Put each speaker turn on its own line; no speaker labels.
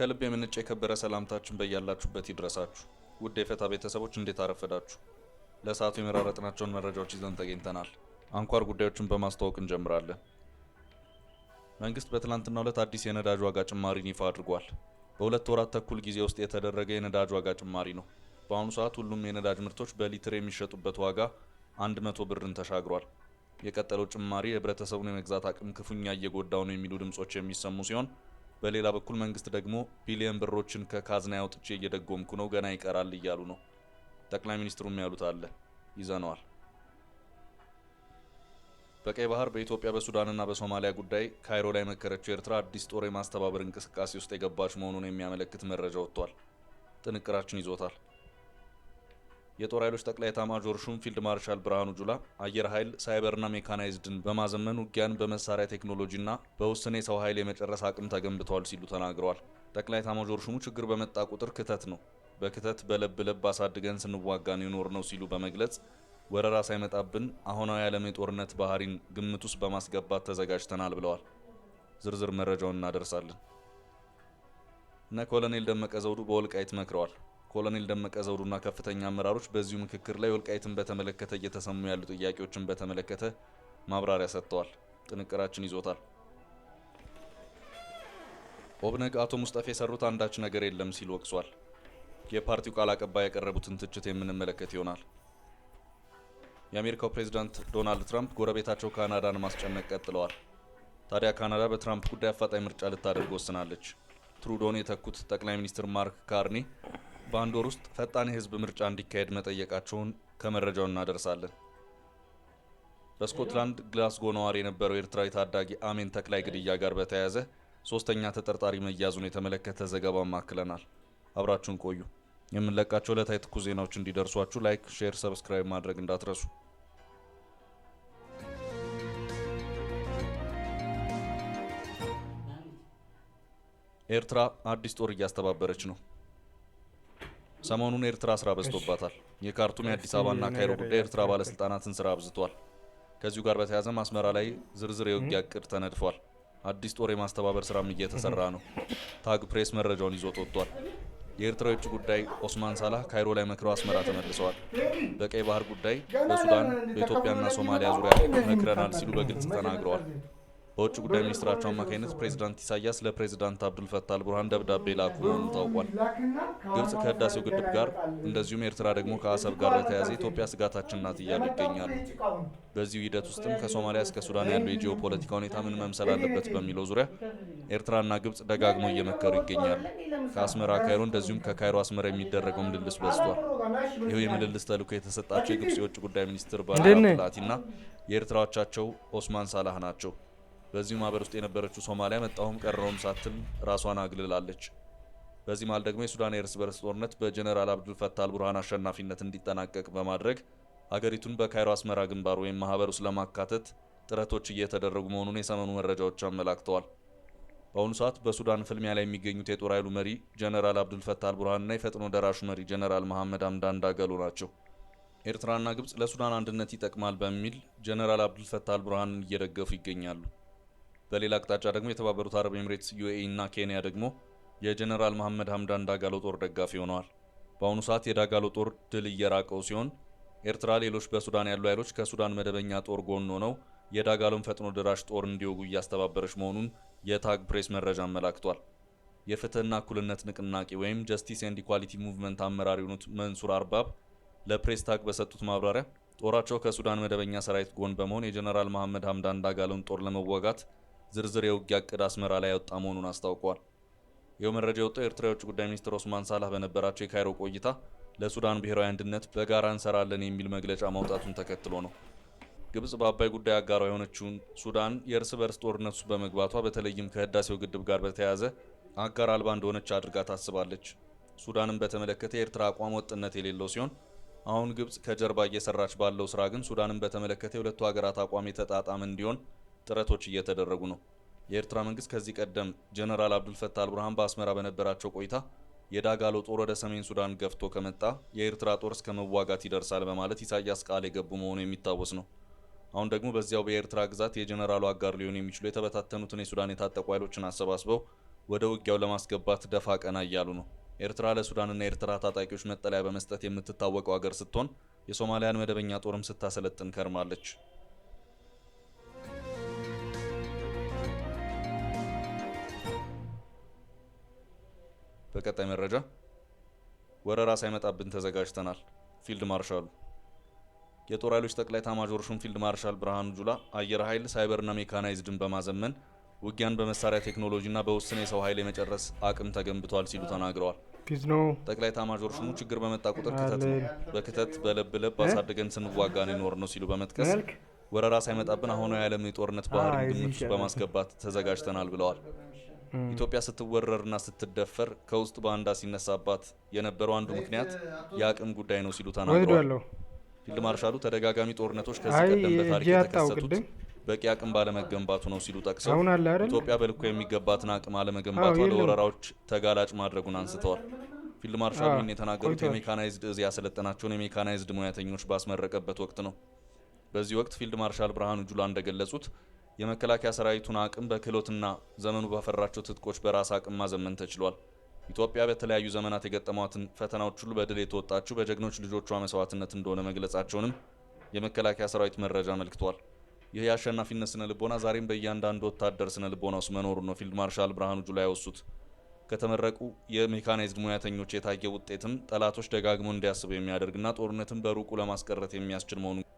ከልብ የምንጭ የከበረ ሰላምታችን በያላችሁበት ይድረሳችሁ። ውድ የፈታ ቤተሰቦች እንዴት አረፈዳችሁ? ለሰዓቱ የመራረጥናቸውን መረጃዎች ይዘን ተገኝተናል። አንኳር ጉዳዮችን በማስተዋወቅ እንጀምራለን። መንግስት በትላንትናው ዕለት አዲስ የነዳጅ ዋጋ ጭማሪን ይፋ አድርጓል። በሁለት ወራት ተኩል ጊዜ ውስጥ የተደረገ የነዳጅ ዋጋ ጭማሪ ነው። በአሁኑ ሰዓት ሁሉም የነዳጅ ምርቶች በሊትር የሚሸጡበት ዋጋ 100 ብርን ተሻግሯል። የቀጠለው ጭማሪ የህብረተሰቡን የመግዛት አቅም ክፉኛ እየጎዳው ነው የሚሉ ድምጾች የሚሰሙ ሲሆን በሌላ በኩል መንግስት ደግሞ ቢሊየን ብሮችን ከካዝና ያውጥቼ እየደጎምኩ ነው፣ ገና ይቀራል እያሉ ነው። ጠቅላይ ሚኒስትሩም ያሉት አለ ይዘነዋል። በቀይ ባህር በኢትዮጵያ በሱዳንና በሶማሊያ ጉዳይ ካይሮ ላይ መከረችው ኤርትራ አዲስ ጦር የማስተባበር እንቅስቃሴ ውስጥ የገባች መሆኑን የሚያመለክት መረጃ ወጥቷል። ጥንቅራችን ይዞታል። የጦር ኃይሎች ጠቅላይ ኤታማዦር ሹም ፊልድ ማርሻል ብርሃኑ ጁላ አየር ኃይል ሳይበርና ሜካናይዝድን በማዘመን ውጊያን በመሳሪያ ቴክኖሎጂና በውስን የሰው ኃይል የመጨረስ አቅም ተገንብተዋል ሲሉ ተናግረዋል። ጠቅላይ ኤታማዦር ሹሙ ችግር በመጣ ቁጥር ክተት ነው፣ በክተት በለብ ለብ አሳድገን ስንዋጋን የኖር ነው ሲሉ በመግለጽ ወረራ ሳይመጣብን አሁናዊ የዓለም የጦርነት ባህሪን ግምት ውስጥ በማስገባት ተዘጋጅተናል ብለዋል። ዝርዝር መረጃውን እናደርሳለን። እነ ኮሎኔል ደመቀ ዘውዱ በወልቃይት መክረዋል። ኮሎኔል ደመቀ ዘውዱና ከፍተኛ አመራሮች በዚሁ ምክክር ላይ ወልቃይትን በተመለከተ እየተሰሙ ያሉ ጥያቄዎችን በተመለከተ ማብራሪያ ሰጥተዋል። ጥንቅራችን ይዞታል። ኦብነግ አቶ ሙስጠፌ የሰሩት አንዳች ነገር የለም ሲል ወቅሷል። የፓርቲው ቃል አቀባይ ያቀረቡትን ትችት የምንመለከት ይሆናል። የአሜሪካው ፕሬዚዳንት ዶናልድ ትራምፕ ጎረቤታቸው ካናዳን ማስጨነቅ ቀጥለዋል። ታዲያ ካናዳ በትራምፕ ጉዳይ አፋጣኝ ምርጫ ልታደርግ ወስናለች። ትሩዶን የተኩት ጠቅላይ ሚኒስትር ማርክ ካርኔ በአንድ ወር ውስጥ ፈጣን የህዝብ ምርጫ እንዲካሄድ መጠየቃቸውን ከመረጃው እናደርሳለን። በስኮትላንድ ግላስጎ ነዋሪ የነበረው ኤርትራዊ ታዳጊ አሜን ተክላይ ግድያ ጋር በተያያዘ ሶስተኛ ተጠርጣሪ መያዙን የተመለከተ ዘገባም አክለናል። አብራችሁን ቆዩ። የምንለቃቸው ዕለታዊ ትኩስ ዜናዎች እንዲደርሷችሁ ላይክ፣ ሼር፣ ሰብስክራይብ ማድረግ እንዳትረሱ። ኤርትራ አዲስ ጦር እያስተባበረች ነው። ሰሞኑን ኤርትራ ስራ በዝቶባታል። የካርቱም የአዲስ አበባና ካይሮ ጉዳይ ኤርትራ ባለስልጣናትን ስራ አብዝቷል። ከዚሁ ጋር በተያያዘም አስመራ ላይ ዝርዝር የውጊያ እቅድ ተነድፏል። አዲስ ጦር የማስተባበር ስራም እየተሰራ ነው። ታግ ፕሬስ መረጃውን ይዞ ወጥቷል። የኤርትራ የውጭ ጉዳይ ኦስማን ሳላህ ካይሮ ላይ መክረው አስመራ ተመልሰዋል። በቀይ ባህር ጉዳይ፣ በሱዳን፣ በኢትዮጵያና ሶማሊያ ዙሪያ መክረናል ሲሉ በግልጽ ተናግረዋል። በውጭ ጉዳይ ሚኒስትራቸው አማካኝነት ፕሬዚዳንት ኢሳያስ ለፕሬዚዳንት አብዱልፈታህ አልቡርሃን ደብዳቤ ላኩ መሆኑ ታውቋል። ግብጽ ከህዳሴው ግድብ ጋር እንደዚሁም ኤርትራ ደግሞ ከአሰብ ጋር በተያያዘ ኢትዮጵያ ስጋታችን ናት እያሉ ይገኛሉ። በዚሁ ሂደት ውስጥም ከሶማሊያ እስከ ሱዳን ያለው የጂኦ ፖለቲካ ሁኔታ ምን መምሰል አለበት በሚለው ዙሪያ ኤርትራና ግብጽ ደጋግመው እየመከሩ ይገኛሉ። ከአስመራ ካይሮ እንደዚሁም ከካይሮ አስመራ የሚደረገው ምልልስ በዝቷል። ይህ የምልልስ ተልኮ የተሰጣቸው የግብጽ የውጭ ጉዳይ ሚኒስትር ባላ ብላቲና የኤርትራዎቻቸው ኦስማን ሳላህ ናቸው። በዚህ ማህበር ውስጥ የነበረችው ሶማሊያ መጣሁም ቀረውም ሳትል ራሷን አግልላለች። በዚህ መሃል ደግሞ የሱዳን የእርስ በርስ ጦርነት በጀነራል አብዱል ፈታል አልቡርሃን አሸናፊነት እንዲጠናቀቅ በማድረግ አገሪቱን በካይሮ አስመራ ግንባር ወይም ማህበር ውስጥ ለማካተት ጥረቶች እየተደረጉ መሆኑን የሰመኑ መረጃዎች አመላክተዋል። በአሁኑ ሰዓት በሱዳን ፍልሚያ ላይ የሚገኙት የጦር ኃይሉ መሪ ጀኔራል አብዱል ፈታህ አልቡርሃንና የፈጥኖ ደራሹ መሪ ጀነራል መሐመድ አምዳን ዳጋሎ ናቸው። ኤርትራና ግብጽ ለሱዳን አንድነት ይጠቅማል በሚል ጀነራል አብዱል ፈታል አልቡርሃንን እየደገፉ ይገኛሉ። በሌላ አቅጣጫ ደግሞ የተባበሩት አረብ ኤምሬትስ፣ ዩኤኢ እና ኬንያ ደግሞ የጀነራል መሐመድ ሀምዳን ዳጋሎ ጦር ደጋፊ ሆነዋል። በአሁኑ ሰዓት የዳጋሎ ጦር ድል እየራቀው ሲሆን ኤርትራ ሌሎች በሱዳን ያሉ ኃይሎች ከሱዳን መደበኛ ጦር ጎን ሆነው የዳጋሎን ፈጥኖ ደራሽ ጦር እንዲወጉ እያስተባበረች መሆኑን የታግ ፕሬስ መረጃ አመላክቷል። የፍትህና እኩልነት ንቅናቄ ወይም ጀስቲስ ኤንድ ኢኳሊቲ ሙቭመንት አመራር የሆኑት መንሱር አርባብ ለፕሬስ ታግ በሰጡት ማብራሪያ ጦራቸው ከሱዳን መደበኛ ሰራዊት ጎን በመሆን የጀነራል መሐመድ ሀምዳን ዳጋሎን ጦር ለመዋጋት ዝርዝር የውጊያ እቅድ አስመራ ላይ ያወጣ መሆኑን አስታውቋል። ይኸው መረጃ የወጣው የኤርትራ የውጭ ጉዳይ ሚኒስትር ኦስማን ሳላህ በነበራቸው የካይሮ ቆይታ ለሱዳን ብሔራዊ አንድነት በጋራ እንሰራለን የሚል መግለጫ ማውጣቱን ተከትሎ ነው። ግብጽ በአባይ ጉዳይ አጋሯ የሆነችውን ሱዳን የእርስ በርስ ጦርነት ውስጥ በመግባቷ በተለይም ከህዳሴው ግድብ ጋር በተያያዘ አጋር አልባ እንደሆነች አድርጋ ታስባለች። ሱዳንን በተመለከተ የኤርትራ አቋም ወጥነት የሌለው ሲሆን አሁን ግብጽ ከጀርባ እየሰራች ባለው ስራ ግን ሱዳንን በተመለከተ የሁለቱ ሀገራት አቋም የተጣጣመ እንዲሆን ጥረቶች እየተደረጉ ነው። የኤርትራ መንግስት ከዚህ ቀደም ጀነራል አብዱልፈታ አልቡርሃን በአስመራ በነበራቸው ቆይታ የዳጋሎ ጦር ወደ ሰሜን ሱዳን ገፍቶ ከመጣ የኤርትራ ጦር እስከ መዋጋት ይደርሳል በማለት ኢሳያስ ቃል የገቡ መሆኑ የሚታወስ ነው። አሁን ደግሞ በዚያው በኤርትራ ግዛት የጀነራሉ አጋር ሊሆኑ የሚችሉ የተበታተኑትን የሱዳን የታጠቁ ኃይሎችን አሰባስበው ወደ ውጊያው ለማስገባት ደፋ ቀና እያሉ ነው። ኤርትራ ለሱዳንና የኤርትራ ታጣቂዎች መጠለያ በመስጠት የምትታወቀው ሀገር ስትሆን የሶማሊያን መደበኛ ጦርም ስታሰለጥን ከርማለች። በቀጣይ መረጃ ወረራ ሳይመጣብን ተዘጋጅተናል። ፊልድ ማርሻሉ የጦር ኃይሎች ጠቅላይ ታማዦር ሹም ፊልድ ማርሻል ብርሃኑ ጁላ አየር ኃይል ሳይበርና ሜካናይዝድን በማዘመን ውጊያን በመሳሪያ ቴክኖሎጂና በውስን የሰው ኃይል የመጨረስ አቅም ተገንብቷል ሲሉ ተናግረዋል። ጠቅላይ ታማዦር ሹሙ ችግር በመጣ ቁጥር ክተት ነው፣ በክተት በለብ ለብ አሳድገን ነው የኖር ነው ሲሉ በመጥቀስ ወረራ ሳይመጣብን አሁኑ የዓለም የጦርነት ባህሪ ግምት ውስጥ በማስገባት ተዘጋጅተናል ብለዋል። ኢትዮጵያ ስትወረርና ስትደፈር ከውስጥ ባንዳ ሲነሳባት የነበረው አንዱ ምክንያት የአቅም ጉዳይ ነው ሲሉ ተናግረዋል። ፊልድ ማርሻሉ ተደጋጋሚ ጦርነቶች ከዚህ ቀደም በታሪክ የተከሰቱት በቂ አቅም ባለመገንባቱ ነው ሲሉ ጠቅሰው ኢትዮጵያ በልኮ የሚገባትን አቅም አለመገንባቷ ለወረራዎች ተጋላጭ ማድረጉን አንስተዋል። ፊልድ ማርሻሉ ይህን የተናገሩት የሜካናይዝድ እዝ ያሰለጠናቸውን የሜካናይዝድ ሙያተኞች ባስመረቀበት ወቅት ነው። በዚህ ወቅት ፊልድ ማርሻል ብርሃኑ ጁላ እንደገለጹት የመከላከያ ሰራዊቱን አቅም በክህሎትና ዘመኑ ባፈራቸው ትጥቆች በራስ አቅም ማዘመን ተችሏል። ኢትዮጵያ በተለያዩ ዘመናት የገጠሟትን ፈተናዎች ሁሉ በድል የተወጣችው በጀግኖች ልጆቿ መስዋዕትነት እንደሆነ መግለጻቸውንም የመከላከያ ሰራዊት መረጃ አመልክቷል። ይህ የአሸናፊነት ስነ ልቦና ዛሬም በእያንዳንዱ ወታደር ስነ ልቦና ውስጥ መኖሩ ነው ፊልድ ማርሻል ብርሃኑ ጁላ ያወሱት። ከተመረቁ የሜካናይዝድ ሙያተኞች የታየ ውጤትም ጠላቶች ደጋግሞ እንዲያስበው የሚያደርግና ጦርነትን በሩቁ ለማስቀረት የሚያስችል መሆኑን